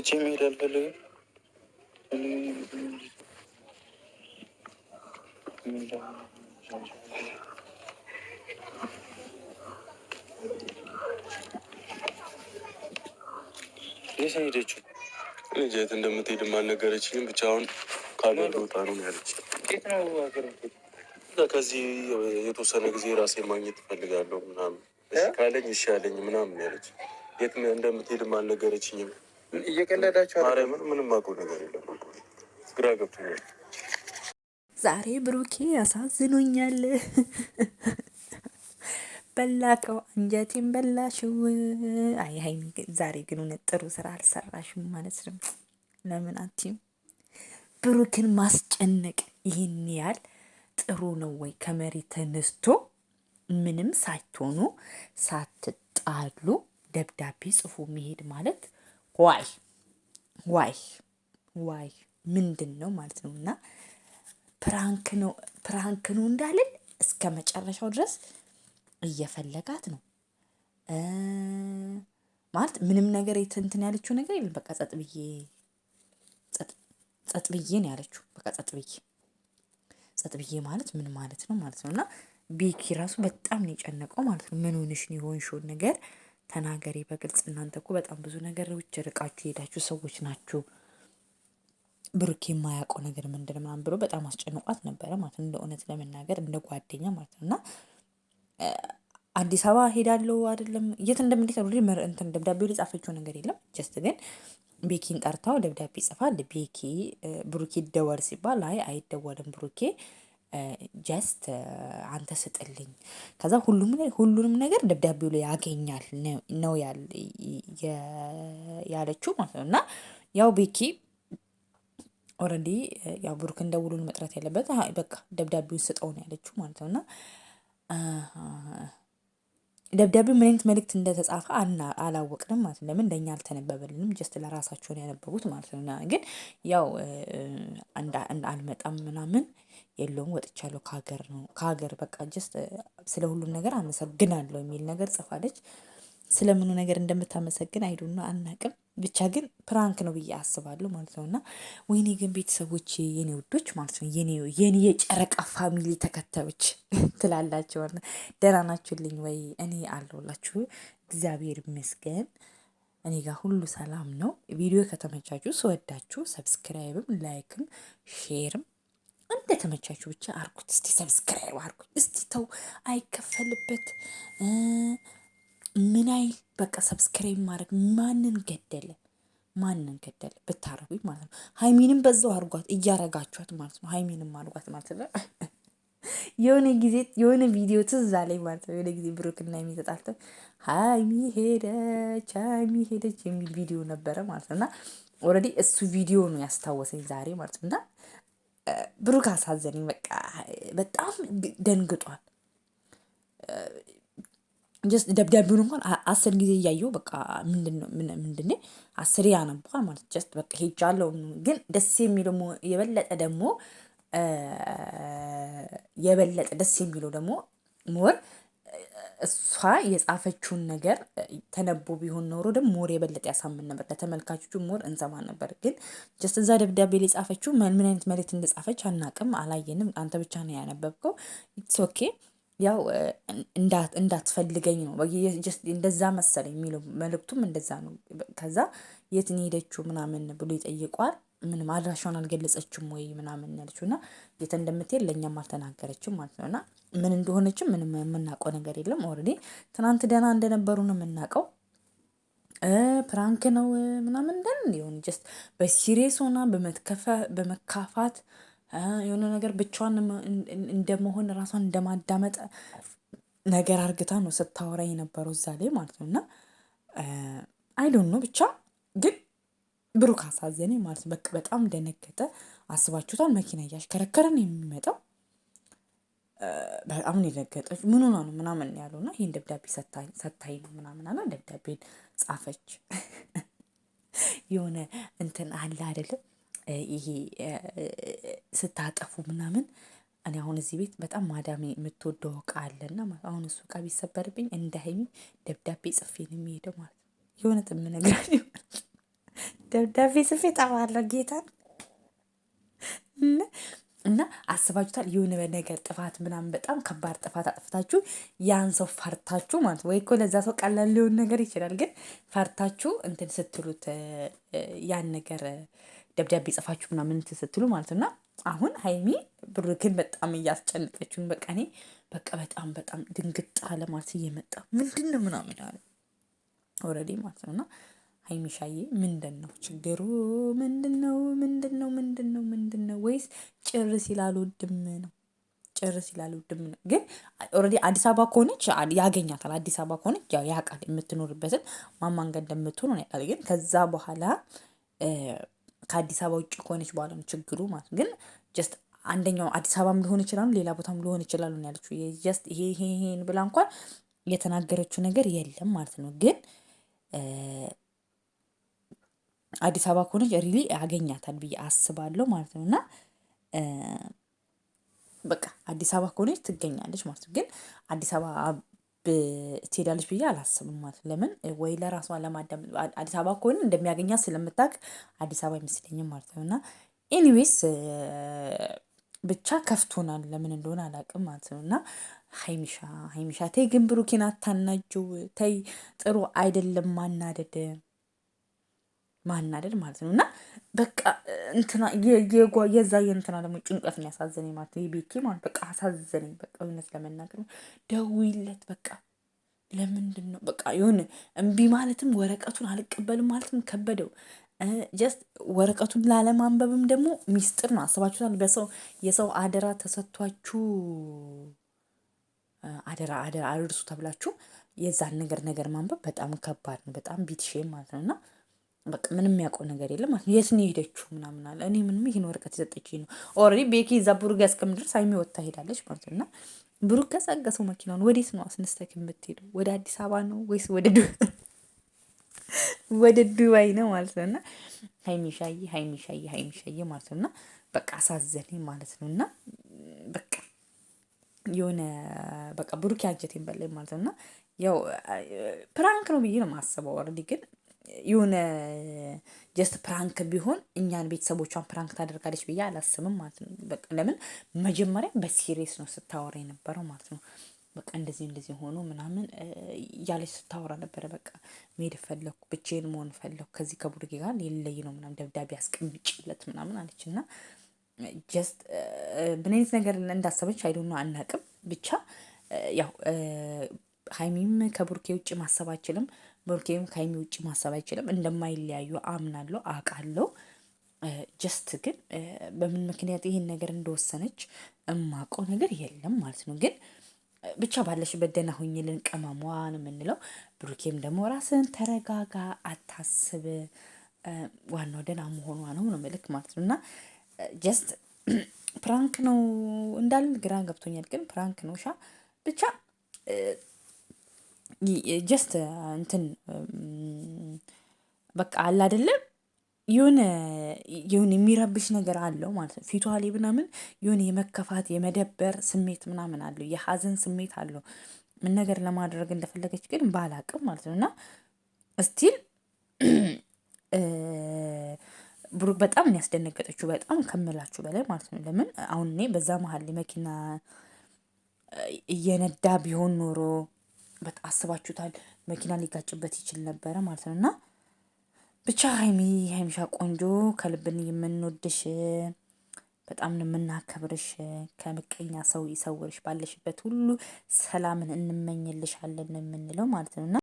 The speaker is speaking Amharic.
ትቼ መሄድ አልፈልግም። የት ነው የሄደችው? ልጅ የት እንደምትሄድ አልነገረችኝም። ብቻ አሁን ከሀገር ልወጣ ነው ያለች። ከዚህ የተወሰነ ጊዜ ራሴ ማግኘት እፈልጋለሁ ምናምን ካለኝ ይሻለኝ ምናምን ያለች። የት እንደምትሄድ አልነገረችኝም። እየቀለዳቸው ምንም አውቀው ነገር የለም። ግራ ገብቶኛል። ዛሬ ብሩኬ ያሳዝኖኛል። በላከው አንጀቴን በላሽው። አይ ሀይሚ ዛሬ ግን እውነት ጥሩ ስራ አልሰራሽም ማለት ነው። ለምን አትይም? ብሩክን ማስጨነቅ ይህን ያህል ጥሩ ነው ወይ? ከመሬት ተነስቶ ምንም ሳትሆኑ ሳትጣሉ ደብዳቤ ጽፎ መሄድ ማለት ዋይ ዋይ ዋይ ምንድን ነው ማለት ነው። እና ፕራንክ ነው ፕራንክ ነው እንዳልን እስከ መጨረሻው ድረስ እየፈለጋት ነው ማለት ምንም ነገር የትንትን ያለችው ነገር የለም። በቃ ጸጥ ብዬ ጸጥ ብዬ ነው ያለችው። በቃ ጸጥ ብዬ ጸጥ ብዬ ማለት ምን ማለት ነው ማለት ነው እና ቤኪ ራሱ በጣም ነው የጨነቀው ማለት ነው። ምን ሆንሽ ነው የሆንሽውን ነገር ተናገሪ በግልጽ እናንተ እኮ በጣም ብዙ ነገሮች ርቃችሁ የሄዳችሁ ሰዎች ናችሁ። ብሩኬ የማያውቀው ነገር ምንድን ምናምን ብሎ በጣም አስጨንቋት ነበረ ማለት ነው። እንደ እውነት ለመናገር እንደ ጓደኛ ማለት ነው እና አዲስ አበባ ሄዳለሁ አይደለም የት እንደምንዴት እንትን ደብዳቤው ጻፈችው ነገር የለም። ጀስት ግን ቤኪን ጠርታው ደብዳቤ ይጽፋል። ቤኪ ብሩኬ ይደወል ሲባል አይ አይደወልም ብሩኬ ጀስት አንተ ስጥልኝ ከዛ ሁሉንም ነገር ደብዳቤው ላይ ያገኛል ነው ያለችው ማለት ነው። እና ያው ቤኪ ኦልሬዲ ያው ብሩክ እንደ ውሉን መጥራት ያለበት። በቃ ደብዳቤውን ስጠው ነው ያለችው ማለት ነው እና ደብዳቤው ምን አይነት መልእክት እንደተጻፈ አላወቅንም ማለት ነው። ለምን እንደኛ አልተነበበልንም፣ ጀስት ለራሳቸውን ያነበቡት ማለት ነው። ግን ያው አልመጣም ምናምን የለውም ወጥቻለሁ ከሀገር ነው ከሀገር በቃ ጀስት ስለ ሁሉም ነገር አመሰግናለሁ የሚል ነገር ጽፋለች። ስለምኑ ነገር እንደምታመሰግን አይዱና አናቅም። ብቻ ግን ፕራንክ ነው ብዬ አስባለሁ ማለት ነው። እና ወይኔ ግን ቤተሰቦች የኔ ውዶች ማለት ነው የኔ የጨረቃ ፋሚሊ ተከታዮች ትላላቸው ደህና ናችሁልኝ ወይ? እኔ አለሁላችሁ እግዚአብሔር ይመስገን። እኔ ጋር ሁሉ ሰላም ነው። ቪዲዮ ከተመቻችሁ ስወዳችሁ ሰብስክራይብም፣ ላይክም፣ ሼርም እንደ ተመቻችሁ ብቻ አርኩት እስቲ ሰብስክራይብ አርኩት። እስቲ ተው አይከፈልበት ምን አይል በቃ ሰብስክራይብ ማድረግ ማንን ገደለ? ማንን ገደለ? ብታረጉ ማለት ነው። ሀይሚንም በዛው አርጓት እያረጋችኋት ማለት ነው። ሀይሚንም አርጓት ማለት ነው። የሆነ ጊዜ የሆነ ቪዲዮ ትዝ አለኝ ማለት ነው። የሆነ ጊዜ ብሩክና ሀይሚ ተጣልተው ሀይሚ ሄደች፣ ሀይሚ ሄደች የሚል ቪዲዮ ነበረ ማለት ነው። እና ኦልሬዲ እሱ ቪዲዮ ነው ያስታወሰኝ ዛሬ ማለት ነው። እና ብሩክ አሳዘነኝ በቃ በጣም ደንግጧል። ደብዳቤውን እንኳን አስር ጊዜ እያየው በቃ ምንድን አስር ያነቧል ማለት ጀስት በቃ ሄጃለሁ። ግን ደስ የሚለው ደግሞ የበለጠ ደግሞ የበለጠ ደስ የሚለው ደግሞ ሞር እሷ የጻፈችውን ነገር ተነቦ ቢሆን ኖሮ ደግሞ ሞር የበለጠ ያሳምን ነበር፣ ለተመልካቾቹ ሞር እንሰማ ነበር። ግን ጀስት እዛ ደብዳቤ ላይ ጻፈችው ምን አይነት መልእክት እንደጻፈች አናቅም፣ አላየንም። አንተ ብቻ ነው ያነበብከው። ኢትስ ኦኬ ያው እንዳትፈልገኝ ነው እንደዛ መሰለኝ የሚለው መልእክቱም እንደዛ ነው። ከዛ የት ነው የሄደችው ምናምን ብሎ ይጠይቋል። ምንም አድራሻውን አልገለጸችም ወይ ምናምን ያለችው እና የት እንደምትሄድ ለእኛም አልተናገረችም ማለት ነው። እና ምን እንደሆነችም ምንም የምናውቀው ነገር የለም። ኦልሬዲ ትናንት ደህና እንደነበሩ ነው የምናውቀው። ፕራንክ ነው ምናምን ደን ሆን ጀስት በሲሬስ ሆና በመካፋት የሆነ ነገር ብቻዋን እንደመሆን ራሷን እንደማዳመጥ ነገር አርግታ ነው ስታወራ የነበረው እዛ ላይ ማለት ነው። እና አይዶን ነው ብቻ ግን ብሩክ አሳዘነ ማለት ነው። በቃ በጣም ደነገጠ። አስባችሁታል? መኪና እያሽከረከረ ነው የሚመጣው። በጣም ነው የደነገጠች። ምን ሆና ነው ምናምን ያለው እና ይህን ደብዳቤ ሰታይ ነው ምናምን አለ። ደብዳቤን ጻፈች። የሆነ እንትን አለ አይደለም ይሄ ስታጠፉ ምናምን እኔ አሁን እዚህ ቤት በጣም ማዳሜ የምትወደው እቃ አለና አሁን እሱ እቃ ቢሰበርብኝ እንደ ሀይሚ ደብዳቤ ጽፌ ነው የሚሄደው ማለት ነው። የእውነት የምነግራችሁ ደብዳቤ ጽፌ እጠፋለሁ ጌታን እና አስባችሁታል? የሆነ በነገር ጥፋት ምናምን በጣም ከባድ ጥፋት አጥፍታችሁ ያን ሰው ፈርታችሁ ማለት ወይ እኮ ለዛ ሰው ቀላል ሊሆን ነገር ይችላል፣ ግን ፈርታችሁ እንትን ስትሉት ያን ነገር ደብዳቤ ጽፋችሁ ምናምን ስትሉ ማለት ነው። አሁን ሀይሚ ብሩክን በጣም እያስጨነቀችውን በቃ እኔ በቃ በጣም በጣም ድንግጥ አለ ማለት እየመጣ ምንድን ነው ምናምን አለ ኦልሬዲ ማለት ነው እና ሻዬ ምንድን ነው ችግሩ? ምንድን ነው ምንድን ነው ምንድን ነው ምንድን ነው? ወይስ ጭርስ ይላሉ ድም ነው ጭርስ ይላሉ ድም ነው። ግን ኦልሬዲ አዲስ አበባ ከሆነች ያገኛታል። አዲስ አበባ ከሆነች ያውቃል የምትኖርበትን ማማንጋ እንደምትሆን ያውቃል። ግን ከዛ በኋላ ከአዲስ አበባ ውጭ ከሆነች በኋላ ነው ችግሩ ማለት ግን ጀስት አንደኛው አዲስ አበባም ሊሆን ይችላሉ፣ ሌላ ቦታም ሊሆን ይችላሉ ያለችው ጀስት ይሄ ይሄን ብላ እንኳን የተናገረችው ነገር የለም ማለት ነው። ግን አዲስ አበባ ከሆነች ሪሊ ያገኛታል ብዬ አስባለሁ ማለት ነው። እና በቃ አዲስ አበባ ከሆነች ትገኛለች ማለት ነው። ግን አዲስ አበባ ትሄዳለች ብዬ አላስብም ማለት ለምን ወይ ለራሷ ለማዳመጥ አዲስ አበባ ከሆነ እንደሚያገኛት ስለምታውቅ አዲስ አበባ አይመስለኝም ማለት ነው። እና ኤኒዌይስ ብቻ ከፍቶናል፣ ለምን እንደሆነ አላውቅም ማለት ነው። እና ሀይሚሻ ሀይሚሻ ተይ ግን ብሩኬን አታናጅው፣ ተይ ጥሩ አይደለም ማናደድ። ማናደድ ማለት ነው። እና በቃ እንትና የዛ የእንትና ደግሞ ጭንቀት ነው ያሳዘነኝ ማለት ነው። የቤቴ ማለት በቃ አሳዘነኝ። በቃ እውነት ለመናገር ደውይለት በቃ ለምንድን ነው በቃ ይሁን እምቢ ማለትም ወረቀቱን አልቀበልም ማለትም ከበደው። ጀስት ወረቀቱን ላለማንበብም ደግሞ ሚስጥር ነው። አስባችሁታል? በሰው የሰው አደራ ተሰጥቷችሁ አደራ አደራ አድርሱ ተብላችሁ የዛን ነገር ነገር ማንበብ በጣም ከባድ ነው። በጣም ቢትሼም ማለት ነው እና በቃ ምንም የሚያውቀው ነገር የለም ማለት የት ነው የሄደችው ምናምን አለ። እኔ ምንም ይህን ወረቀት የሰጠች ነው ኦልሬዲ ቤኪ እዛ ብሩክ እስከምደርስ ሀይሚ ወታ ሄዳለች ማለት ነው። እና ብሩክ ገሳገሰው መኪናውን። ወዴት ነው አስነስተክ የምትሄዱ? ወደ አዲስ አበባ ነው ወይስ ወደ ወደ ዱባይ ነው ማለት ነው። እና ሀይሚሻዬ ሀይሚሻዬ ሀይሚሻዬ ማለት ነው። እና በቃ አሳዘነኝ ማለት ነው። እና በቃ የሆነ በቃ ብሩክ ያንጀቴን በላይ ማለት ነው። እና ያው ፕራንክ ነው ብዬ ነው የማስበው ኦልሬዲ ግን የሆነ ጀስት ፕራንክ ቢሆን እኛን ቤተሰቦቿን ፕራንክ ታደርጋለች ብዬ አላስብም ማለት ነው። በቃ ለምን መጀመሪያ በሲሪየስ ነው ስታወራ የነበረው ማለት ነው። በቃ እንደዚህ እንደዚህ ሆኖ ምናምን እያለች ስታወራ ነበረ። በቃ መሄድ ፈለኩ፣ ብቻዬን መሆን ፈለኩ፣ ከዚህ ከቡድጌ ጋር ሌለይ ነው ምናምን ደብዳቤ አስቀምጭለት ምናምን አለች እና ጀስት ምን አይነት ነገር እንዳሰበች አይደሆነ አናቅም። ብቻ ያው ሀይሚም ከቡርኬ ውጭ ማሰብ አይችልም። ብሩኬም ከሀይሚ ውጭ ማሰብ አይችልም። እንደማይለያዩ አምናለሁ፣ አውቃለሁ። ጀስት ግን በምን ምክንያት ይህን ነገር እንደወሰነች እማውቀው ነገር የለም ማለት ነው። ግን ብቻ ባለሽበት ደህና ሁኝልን ቀማሟ ነው የምንለው። ብሩኬም ደግሞ ራስን ተረጋጋ፣ አታስብ፣ ዋናው ደህና መሆኗ ነው ነው ምልክ ማለት ነው። እና ጀስት ፕራንክ ነው እንዳልን ግራ ገብቶኛል። ግን ፕራንክ ነው ሻ ብቻ ጀስት እንትን በቃ አለ አይደለም የሆነ የሆነ የሚረብሽ ነገር አለው ማለት ነው። ፊቷ ላይ ምናምን የሆነ የመከፋት የመደበር ስሜት ምናምን አለው የሀዘን ስሜት አለው። ምን ነገር ለማድረግ እንደፈለገች ግን ባላቅም ማለት ነው። እና ስቲል ብሩክ በጣም ያስደነገጠችው በጣም ከምላችሁ በላይ ማለት ነው። ለምን አሁን እኔ በዛ መሀል መኪና እየነዳ ቢሆን ኖሮ በጣም አስባችሁታል። መኪና ሊጋጭበት ይችል ነበረ ማለት ነው። እና ብቻ ሀይሚ ሀይሚሻ ቆንጆ ከልብን የምንወድሽ በጣም የምናከብርሽ ከምቀኛ ሰው ይሰውርሽ፣ ባለሽበት ሁሉ ሰላምን እንመኝልሻለን የምንለው ማለት ነው እና